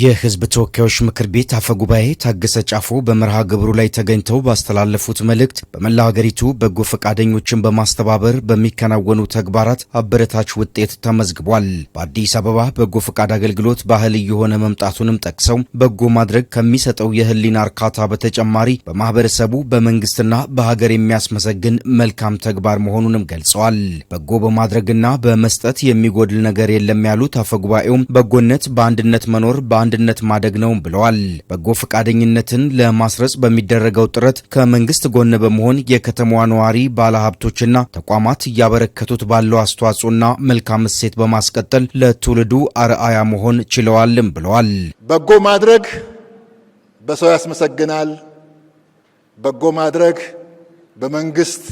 የህዝብ ተወካዮች ምክር ቤት አፈ ጉባኤ ታገሰ ጫፎ በመርሃ ግብሩ ላይ ተገኝተው ባስተላለፉት መልእክት በመላ ሀገሪቱ በጎ ፈቃደኞችን በማስተባበር በሚከናወኑ ተግባራት አበረታች ውጤት ተመዝግቧል። በአዲስ አበባ በጎ ፈቃድ አገልግሎት ባህል እየሆነ መምጣቱንም ጠቅሰው በጎ ማድረግ ከሚሰጠው የህሊና እርካታ በተጨማሪ በማህበረሰቡ በመንግስትና በሀገር የሚያስመሰግን መልካም ተግባር መሆኑንም ገልጸዋል። በጎ በማድረግና በመስጠት የሚጎድል ነገር የለም ያሉት አፈ ጉባኤውም በጎነት በአንድነት መኖር በአንድነት ማደግ ነው ብለዋል። በጎ ፈቃደኝነትን ለማስረጽ በሚደረገው ጥረት ከመንግስት ጎን በመሆን የከተማዋ ነዋሪ ባለሀብቶችና ተቋማት እያበረከቱት ባለው አስተዋጽኦና መልካም እሴት በማስቀጠል ለትውልዱ አርአያ መሆን ችለዋልም ብለዋል። በጎ ማድረግ በሰው ያስመሰግናል። በጎ ማድረግ በመንግስት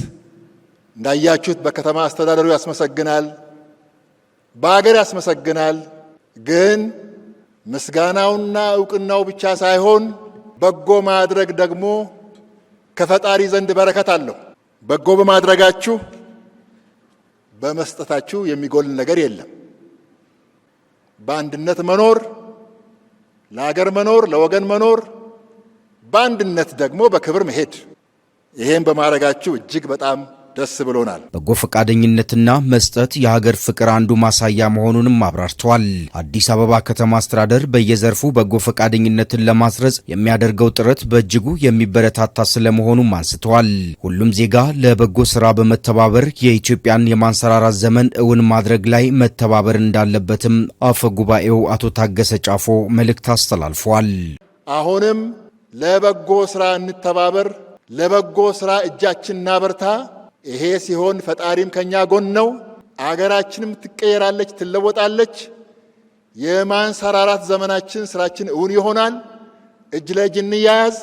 እንዳያችሁት በከተማ አስተዳደሩ ያስመሰግናል፣ በአገር ያስመሰግናል ግን ምስጋናውና እውቅናው ብቻ ሳይሆን በጎ ማድረግ ደግሞ ከፈጣሪ ዘንድ በረከት አለው። በጎ በማድረጋችሁ በመስጠታችሁ የሚጎል ነገር የለም። በአንድነት መኖር፣ ለሀገር መኖር፣ ለወገን መኖር፣ በአንድነት ደግሞ በክብር መሄድ፣ ይሄን በማድረጋችሁ እጅግ በጣም ደስ ብሎናል። በጎ ፈቃደኝነትና መስጠት የሀገር ፍቅር አንዱ ማሳያ መሆኑንም አብራርተዋል። አዲስ አበባ ከተማ አስተዳደር በየዘርፉ በጎ ፈቃደኝነትን ለማስረጽ የሚያደርገው ጥረት በእጅጉ የሚበረታታ ስለመሆኑም አንስተዋል። ሁሉም ዜጋ ለበጎ ስራ በመተባበር የኢትዮጵያን የማንሰራራት ዘመን እውን ማድረግ ላይ መተባበር እንዳለበትም አፈ ጉባኤው አቶ ታገሰ ጫፎ መልእክት አስተላልፏል። አሁንም ለበጎ ስራ እንተባበር፣ ለበጎ ስራ እጃችን እናበርታ። ይሄ ሲሆን ፈጣሪም ከኛ ጎን ነው። አገራችንም ትቀየራለች፣ ትለወጣለች። የማንሰራራት ዘመናችን ስራችን እውን ይሆናል። እጅ ለእጅ እንያያዝ።